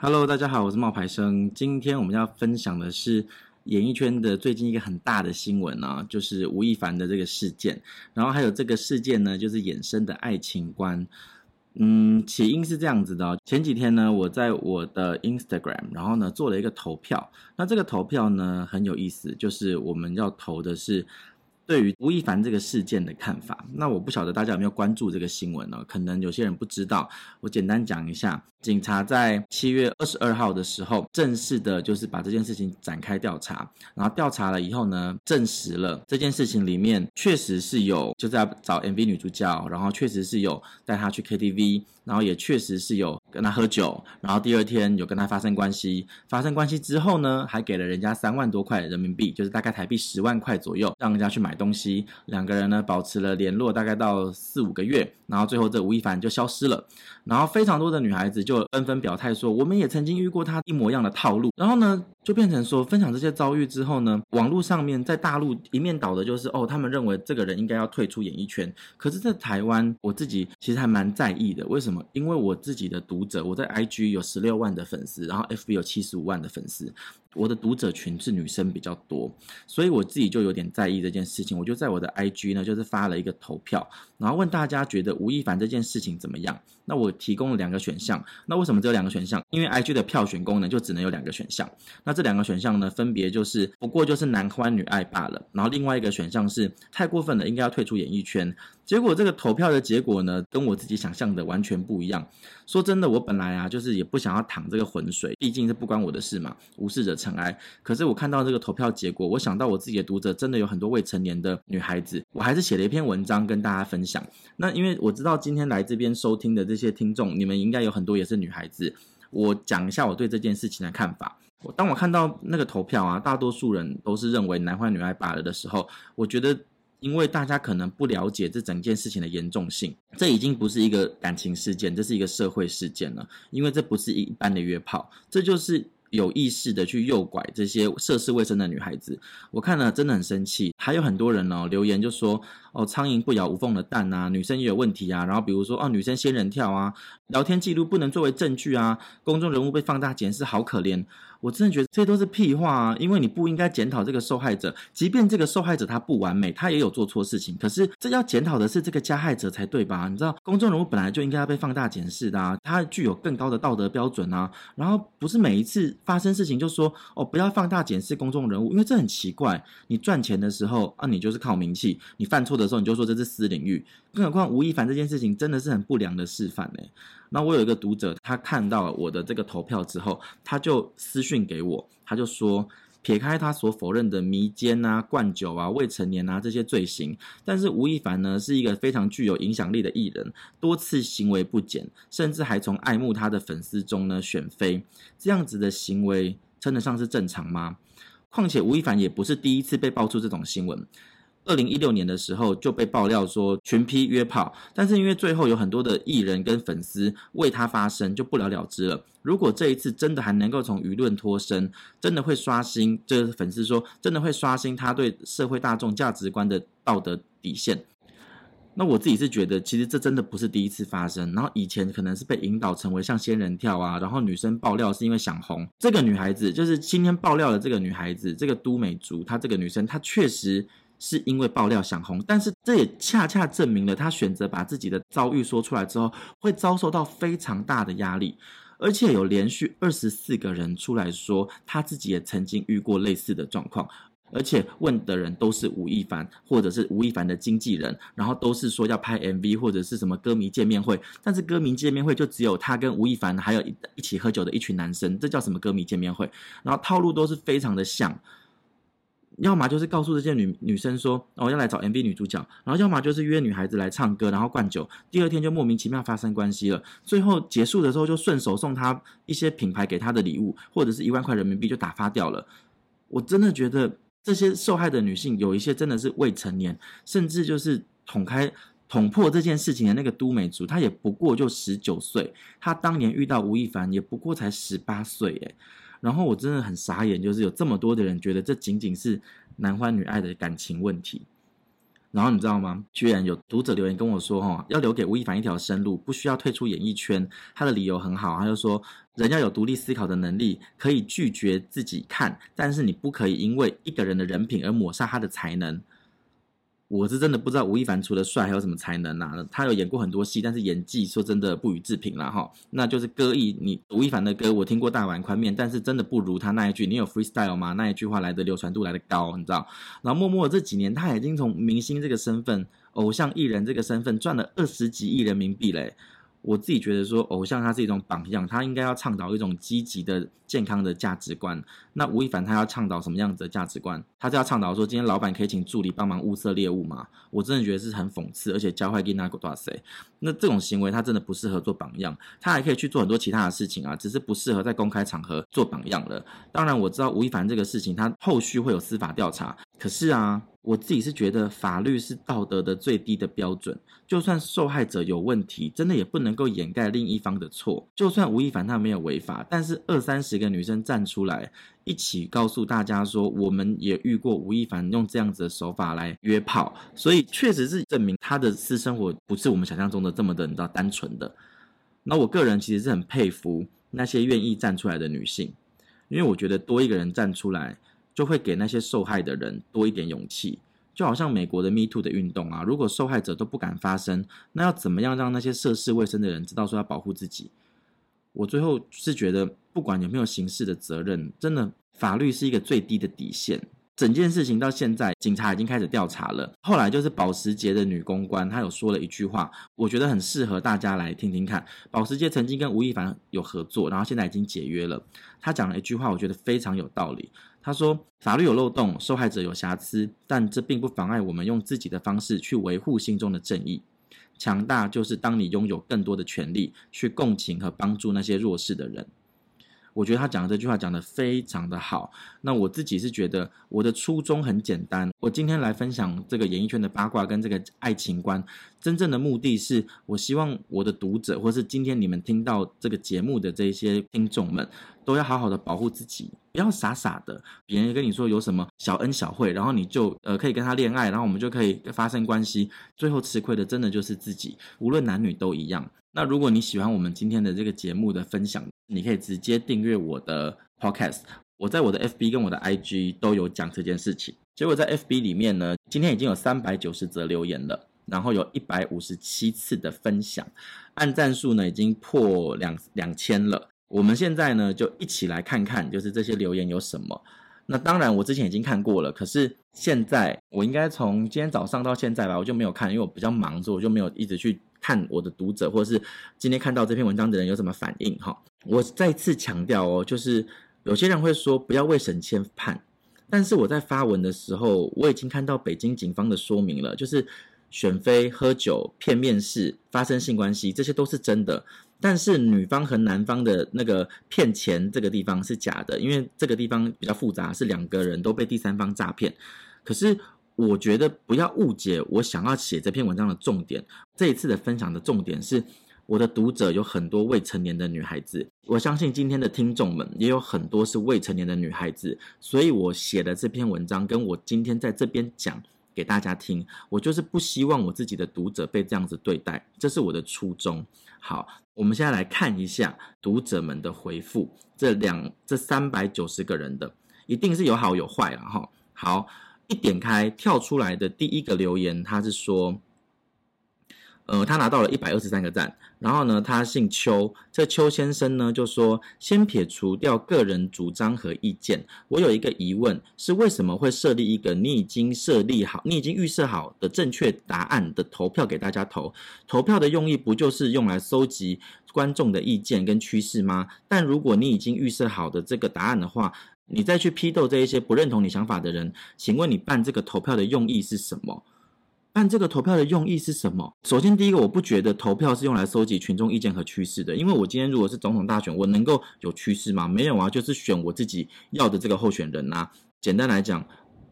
哈嘍大家好，我是冒牌生。今天我們要分享的是演藝圈的最近一個很大的新聞啊，就是吳亦凡的這個事件。然後還有這個事件呢，就是衍生的愛情觀。嗯，起因是這樣子的哦。前幾天呢，我在我的 Instagram，然後呢做了一個投票。那這個投票呢很有意思，就是我們要投的是對於吳亦凡這個事件的看法。那我不曉得大家有沒有關注這個新聞呢、哦？可能有些人不知道，我簡單講一下。警察在七月二十二號的時候正式的，就是把這件事情展開調查，然後調查了以後呢，證實了這件事情裡面確實是有，就在找 MV 女主角，然後確實是有帶她去 KTV，然後也確實是有跟她喝酒，然後第二天有跟她發生關係，發生關係之後呢，還給了人家三萬多塊人民幣，就是大概台幣十萬塊左右，讓人家去買東西，兩個人呢保持了聯絡大概到四五個月，然後最後這吳亦凡就消失了。然後，非常多的女孩子就紛紛表態說：“我們也曾經遇過他一模一樣的套路。”然後呢，就變成說分享這些遭遇之後呢，網絡上面在大陸一面倒的就是哦，他們認為這個人應該要退出演藝圈。可是在台灣，我自己其實還蠻在意的，為什麼？因為我自己的讀者，我在 IG 有十六萬的粉絲，然後 FB 有七十五萬的粉絲，我的讀者群是女生比較多，所以我自己就有點在意這件事情。我就在我的 IG 呢，就是發了一個投票，然後問大家覺得吳亦凡這件事情怎麼樣？那我提供了兩個選項。那為什麼只有兩個選項？因為 IG 的票選功能就只能有兩個選項。那這兩個選項呢，分別就是不過就是男歡女愛罷了，然後另外一個選項是太過分了，應該要退出演藝圈。結果這個投票的結果呢，跟我自己想象的完全不一樣。說真的，我本來啊就是也不想要淌這個渾水，畢竟是不關我的事嘛，無事惹塵埃。可是我看到這個投票結果，我想到我自己的讀者真的有很多未成年的女孩子，我還是寫了一篇文章跟大家分享。那因為我知道今天來這邊收聽的這些聽眾，你們應該有很多也是女孩子，我講一下我對這件事情的看法。我當我看到那個投票啊，大多數人都是認為男歡女愛罷了的時候，我覺得，因為大家可能不了解這整件事情的嚴重性，這已經不是一個感情事件，這是一個社會事件了，因為這不是一般的約炮，這就是。有意識的去誘拐這些涉世未深的女孩子，我看了真的很生氣。還有很多人哦留言就說：“哦，蒼蠅不咬無縫的蛋啊，女生也有問題啊。”然後比如說：“哦，女生仙人跳啊，聊天記錄不能作為證據啊，公眾人物被放大檢視好可憐。”我真的覺得這些都是屁話啊，因為你不應該檢討這個受害者，即便這個受害者他不完美，他也有做錯事情。可是這要檢討的是這個加害者才對吧？你知道公眾人物本來就應該要被放大檢視的，啊，他具有更高的道德標準啊。然後不是每一次。發生事情就說哦，不要放大檢視公眾人物，因為這很奇怪。你賺錢的時候啊，你就是靠名氣；你犯錯的時候，你就說這是私領域。更何況吳亦凡這件事情真的是很不良的示範呢。那我有一個讀者，他看到了我的這個投票之後，他就私訊給我，他就說，撇開他所否認的迷奸啊、灌酒啊、未成年啊這些罪行，但是吳亦凡呢是一個非常具有影響力的藝人，多次行為不檢，甚至還從愛慕他的粉絲中呢選妃，這樣子的行為稱得上是正常嗎？況且吳亦凡也不是第一次被爆出這種新聞。二零一六年的時候就被爆料說群批約炮，但是因為最後有很多的藝人跟粉絲為他發聲，就不了了之了。如果這一次真的還能夠從輿論脫身，真的會刷新，這個粉絲說真的會刷新他對社會大眾價值觀的道德底線。那我自己是覺得，其實這真的不是第一次發生。然後以前可能是被引導成為像仙人跳啊，然後女生爆料是因為想紅。這個女孩子就是今天爆料的這個女孩子，這個都美竹，她這個女生她確實。是因為爆料想紅，但是這也恰恰證明了他選擇把自己的遭遇說出來之後，會遭受到非常大的壓力，而且有連續二十四個人出來說他自己也曾經遇過類似的狀況，而且問的人都是吳亦凡或者是吳亦凡的經紀人，然後都是說要拍 MV 或者是什麼歌迷見面會，但是歌迷見面會就只有他跟吳亦凡還有一一起喝酒的一群男生，這叫什麼歌迷見面會？然後套路都是非常的像。要麼就是告訴這些女女生說我、哦、要來找 MV 女主角，然後要麼就是約女孩子來唱歌，然後灌酒，第二天就莫名其妙發生關係了。最後結束的時候就順手送她一些品牌給她的禮物，或者是一萬塊人民幣就打發掉了。我真的覺得這些受害的女性有一些真的是未成年，甚至就是捅開捅破這件事情的那個都美竹，她也不過就十九歲，她當年遇到吳亦凡也不過才十八歲耶，然後我真的很傻眼，就是有這麼多的人覺得這僅僅是男歡女愛的感情問題。然後你知道嗎？居然有讀者留言跟我說：“哈、哦，要留給吳亦凡一條生路，不需要退出演藝圈。”他的理由很好，他就說：“人要有獨立思考的能力，可以拒絕自己看，但是你不可以因為一個人的人品而抹殺他的才能。”我是真的不知道吳亦凡除了帥還有什麼才能吶、啊？他有演過很多戲，但是演技說真的不予置評啦哈。那就是歌藝，你吳亦凡的歌我聽過《大碗寬麵》，但是真的不如他那一句“你有 freestyle 嗎”那一句話來的流傳度來的高，你知道？然後，默默這幾年他已經從明星這個身份、偶像藝人這個身份賺了二十幾億人民幣嘞。我自己覺得說，偶像他是一種榜樣，他應該要倡導一種積極的、健康的價值觀。那吳亦凡他要倡導什麼樣子的價值觀？他這樣倡導說，今天老闆可以請助理幫忙物色獵物嗎？我真的覺得是很諷刺，而且教壞囡仔大小。那這種行為，他真的不適合做榜樣。他還可以去做很多其他的事情啊，只是不適合在公開場合做榜樣了。當然，我知道吳亦凡這個事情，他後續會有司法調查。可是啊，我自己是覺得法律是道德的最低的標準。就算受害者有問題，真的也不能夠掩蓋另一方的錯。就算吳亦凡他沒有違法，但是二三十個女生站出來，一起告訴大家說，我們也遇過吳亦凡用這樣子的手法來約炮，所以確實是證明他的私生活不是我們想象中的這麼的，你知道單純的。那我個人其實是很佩服那些願意站出來的女性，因為我覺得多一個人站出來，就會給那些受害的人多一點勇氣。就好像美國的 Me Too 的運動啊，如果受害者都不敢發聲，那要怎麼樣讓那些涉世未深的人知道說要保護自己？我最後是覺得，不管有沒有刑事的責任，真的法律是一個最低的底線。整件事情到現在，警察已經開始調查了。後來就是保時捷的女公關，她有說了一句話，我覺得很適合大家來聽聽看。保時捷曾經跟吳亦凡有合作，然後現在已經解約了。她講了一句話，我覺得非常有道理。她說：“法律有漏洞，受害者有瑕疵，但這並不妨礙我們用自己的方式去維護心中的正義。”強大就是當你擁有更多的權力，去共情和幫助那些弱勢的人。我覺得他講的這句話講得非常的好。那我自己是覺得我的初衷很簡單，我今天來分享這個演藝圈的八卦跟這個愛情觀，真正的目的是我希望我的讀者，或是今天你們聽到這個節目的這些聽眾們，都要好好的保護自己。不要傻傻的，別人跟你說有什麼小恩小惠，然後你就呃可以跟他戀愛，然後我們就可以發生關係，最後吃虧的真的就是自己，無論男女都一樣。那如果你喜歡我們今天的這個節目的分享，你可以直接訂閱我的 podcast，我在我的 FB 跟我的 IG 都有講這件事情。結果在 FB 裡面呢，今天已經有三百九十則留言了，然後有一百五十七次的分享，按讚數呢已經破兩兩千了。我們現在呢，就一起來看看，就是這些留言有什麼。那當然，我之前已經看過了，可是現在我應該從今天早上到現在吧，我就沒有看，因為我比較忙，所以我就沒有一直去看我的讀者或者是今天看到這篇文章的人有什麼反應哈。我再次強調哦，就是有些人會說不要未審先判，但是我在發文的時候，我已經看到北京警方的說明了，就是。選妃、喝酒、騙面試、發生性關係，這些都是真的。但是女方和男方的那個騙錢這個地方是假的，因為這個地方比較複雜，是兩個人都被第三方詐騙。可是我覺得不要誤解我想要寫這篇文章的重點。這一次的分享的重點是，我的讀者有很多未成年的女孩子，我相信今天的聽眾們也有很多是未成年的女孩子，所以我寫的這篇文章跟我今天在這邊講。給大家聽，我就是不希望我自己的讀者被這樣子對待，這是我的初衷。好，我們現在來看一下讀者們的回復，這兩這三百九十個人的，一定是有好有壞了哈。好，一點開跳出來的第一個留言，他是說。呃，他拿到了一百二十三個贊。然後呢，他姓邱，這邱先生呢就說，先撇除掉個人主張和意見，我有一個疑問，是為什麼會設立一個你已經設立好、你已經預設好的正確答案的投票給大家投？投票的用意不就是用來收集觀眾的意見跟趨勢嗎？但如果你已經預設好的這個答案的話，你再去批鬥這一些不認同你想法的人，請問你辦這個投票的用意是什麼？但這個投票的用意是什麼？首先，第一個，我不覺得投票是用來收集群眾意見和趨勢的，因為我今天如果是總統大選，我能夠有趨勢嗎？沒有啊，就是選我自己要的這個候選人吶、啊。簡單來講，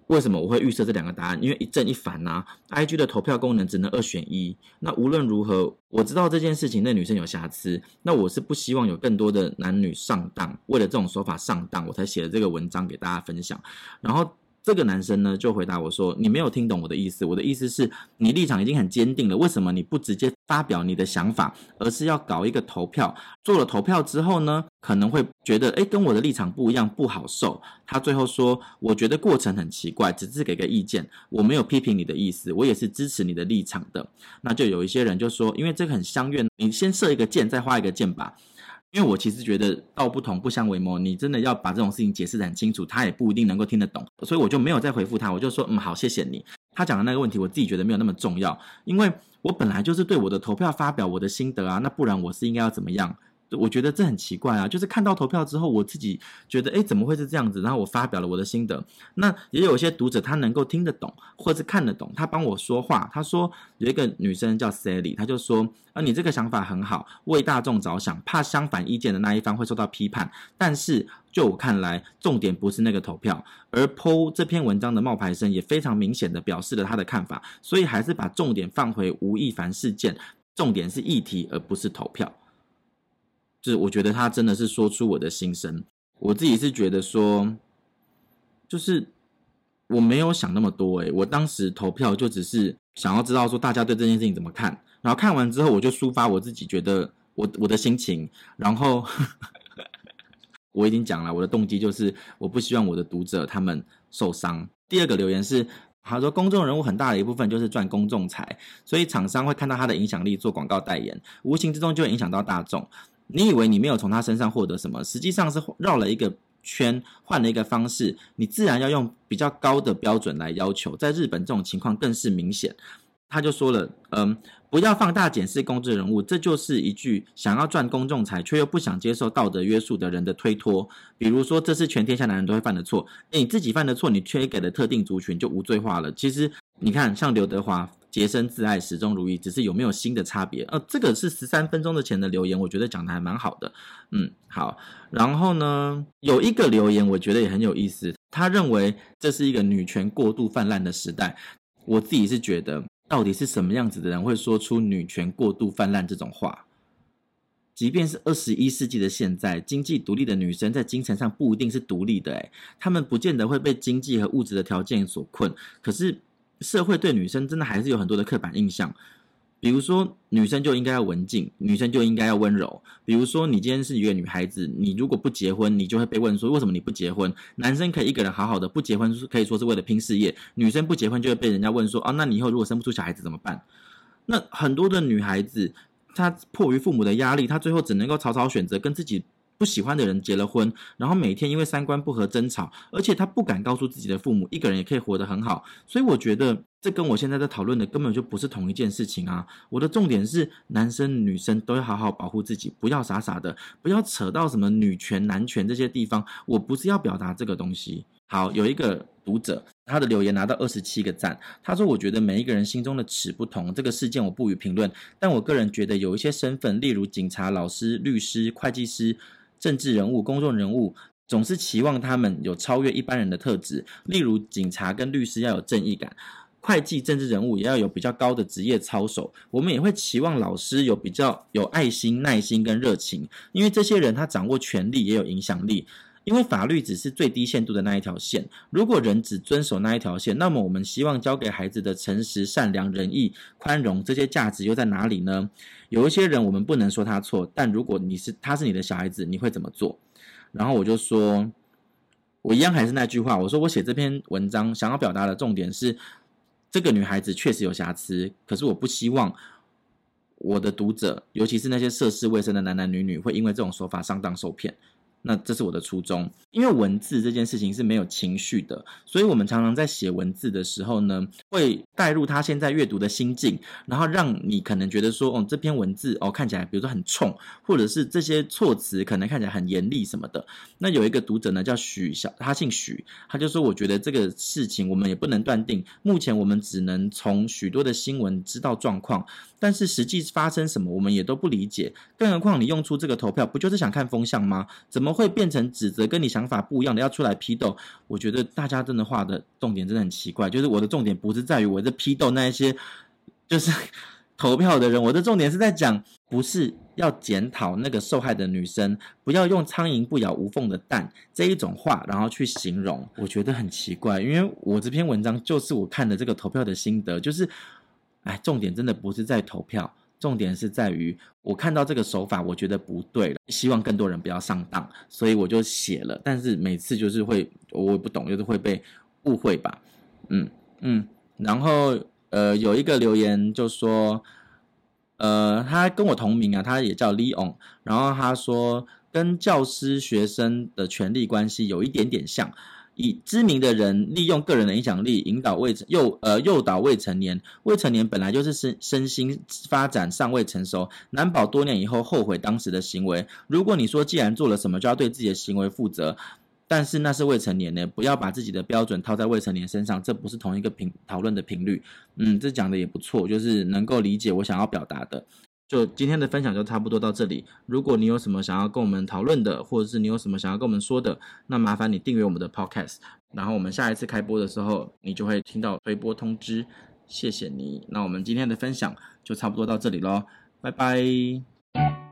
為什麼我會預設這兩個答案？因為一正一反吶、啊。IG 的投票功能只能二選一，那無論如何，我知道這件事情那女生有瑕疵，那我是不希望有更多的男女上當，為了這種說法上當，我才寫了這個文章給大家分享。然後。這個男生呢，就回答我說：“你沒有聽懂我的意思。我的意思是，你立場已經很堅定了，為什麼你不直接發表你的想法，而是要搞一個投票？做了投票之後呢，可能會覺得，誒，跟我的立場不一樣，不好受。”他最後說：“我覺得過程很奇怪，只是給個意見，我沒有批評你的意思，我也是支持你的立場的。”那就有一些人就說：“因為這個很相悅，你先射一個箭，再畫一個箭吧。”因為我其實覺得道不同不相為謀，你真的要把這種事情解釋得很清楚，他也不一定能夠聽得懂，所以我就沒有再回復他，我就說嗯好，謝謝你。他講的那個問題，我自己覺得沒有那麼重要，因為我本來就是對我的投票發表我的心得啊，那不然我是應該要怎麼樣？我覺得這很奇怪啊，就是看到投票之後，我自己覺得，哎，怎麼會是這樣子？然後我發表了我的心得。那也有些讀者他能夠聽得懂，或是看得懂，他幫我說話。他說有一個女生叫 Sally，她就說，啊，你這個想法很好，為大眾着想，怕相反意見的那一方會受到批判。但是就我看來，重點不是那個投票，而 PO 這篇文章的冒牌生也非常明顯的表示了他的看法。所以還是把重點放回吳亦凡事件，重點是議題而不是投票。就是我覺得他真的是說出我的心聲，我自己是覺得說，就是我沒有想那麼多哎、欸，我當時投票就只是想要知道說大家對這件事情怎麼看，然後看完之後我就抒發我自己覺得我我的心情，然後我已經講了我的動機就是我不希望我的讀者他們受傷。第二個留言是他說公眾人物很大的一部分就是賺公眾財，所以廠商會看到他的影響力做廣告代言，無形之中就會影響到大眾。你以為你沒有從他身上獲得什麼，實際上是繞了一個圈，換了一個方式，你自然要用比較高的標準來要求。在日本這種情況更是明顯，他就說了，嗯，不要放大檢視公眾人物，這就是一句想要賺公眾財卻又不想接受道德約束的人的推脫。比如說，這是全天下男人都會犯的錯，你自己犯的錯，你卻給了特定族群就無罪化了。其實你看，像劉德華。潔身自愛，始終如一，只是有沒有新的差別？呃，這個是十三分鐘之前的留言，我覺得講的還蠻好的。嗯，好。然後呢，有一個留言，我覺得也很有意思。他認為這是一個女權過度泛濫的時代。我自己是覺得，到底是什麼樣子的人會說出女權過度泛濫這種話？即便是二十一世紀的現在，經濟獨立的女生在精神上不一定是獨立的、欸，誒，她們不見得會被經濟和物質的條件所困。可是。社會對女生真的還是有很多的刻板印象，比如說女生就應該要文靜，女生就應該要溫柔。比如說你今天是一個女孩子，你如果不結婚，你就會被問說為什麼你不結婚？男生可以一個人好好的不結婚，可以說是為了拼事業，女生不結婚就會被人家問說啊、哦，那你以後如果生不出小孩子怎麼辦？那很多的女孩子她迫於父母的壓力，她最後只能夠草草選擇跟自己不喜歡的人結了婚，然後每天因為三觀不合爭吵，而且他不敢告訴自己的父母，一個人也可以活得很好。所以我覺得這跟我現在在討論的根本就不是同一件事情啊！我的重點是，男生女生都要好好保護自己，不要傻傻的，不要扯到什麼女權男權這些地方。我不是要表達這個東西。好，有一個讀者他的留言拿到二十七個贊，他說：“我覺得每一個人心中的尺不同，這個事件我不予評論。但我個人覺得，有一些身份，例如警察、老師、律師、會計師。”政治人物、公眾人物總是期望他們有超越一般人的特質，例如警察跟律師要有正義感，會計、政治人物也要有比較高的職業操守。我們也會期望老師有比較有愛心、耐心跟熱情，因為這些人他掌握權力，也有影響力。因為法律只是最低限度的那一條線，如果人只遵守那一條線，那麼我們希望教給孩子的誠實、善良、仁義、寬容這些價值又在哪裡呢？有一些人我們不能說他錯，但如果你是他是你的小孩子，你會怎麼做？然後我就說，我一樣還是那句話，我說我寫這篇文章想要表達的重點是，這個女孩子確實有瑕疵，可是我不希望我的讀者，尤其是那些涉世未深的男男女女，會因為這種說法上當受騙。那這是我的初衷，因為文字這件事情是沒有情緒的，所以我們常常在寫文字的時候呢，會帶入他現在閱讀的心境，然後讓你可能覺得說，哦，這篇文字哦看起來，比如說很衝，或者是這些措辭可能看起來很嚴厲什麼的。那有一個讀者呢叫許小，他姓許，他就說，我覺得這個事情我們也不能斷定，目前我們只能從許多的新聞知道狀況，但是實際發生什麼我們也都不理解，更何況你用出這個投票，不就是想看風向嗎？怎麼？會變成指責跟你想法不一樣的要出來批鬥，我覺得大家真的畫的重點真的很奇怪，就是我的重點不是在於我在批鬥那一些，就是投票的人，我的重點是在講，不是要檢討那個受害的女生，不要用蒼蠅不咬無縫的蛋這一種話，然後去形容，我覺得很奇怪，因為我這篇文章就是我看的這個投票的心得，就是，哎，重點真的不是在投票。重點是在於我看到這個手法，我覺得不對了，希望更多人不要上當，所以我就寫了。但是每次就是會我不懂，就是會被誤會吧，嗯嗯。然後呃有一個留言就說，呃他跟我同名啊，他也叫 Leon，然後他說跟教師學生的權力關係有一點點像。以知名的人利用個人的影響力引導未成誘呃誘導未成年，未成年本來就是身身心發展尚未成熟，難保多年以後後悔當時的行為。如果你說既然做了什麼就要對自己的行為負責，但是那是未成年呢，不要把自己的標準套在未成年身上，這不是同一個頻討論的頻率。嗯，這講得也不錯，就是能夠理解我想要表達的。就今天的分享就差不多到這裡。如果你有什麼想要跟我們討論的，或者是你有什麼想要跟我們說的，那麻煩你訂閱我們的 Podcast，然後我們下一次開播的時候，你就會聽到推播通知。謝謝你。那我們今天的分享就差不多到這裡嘍，拜拜。